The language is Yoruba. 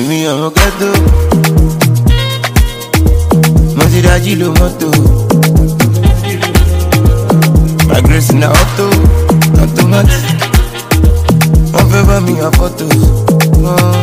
èmi ọmọ ghetto mo ti lo mọ́tò my grace na auto automatic wọ́n fẹ́ bá mi yàn fọ́tò. Oh.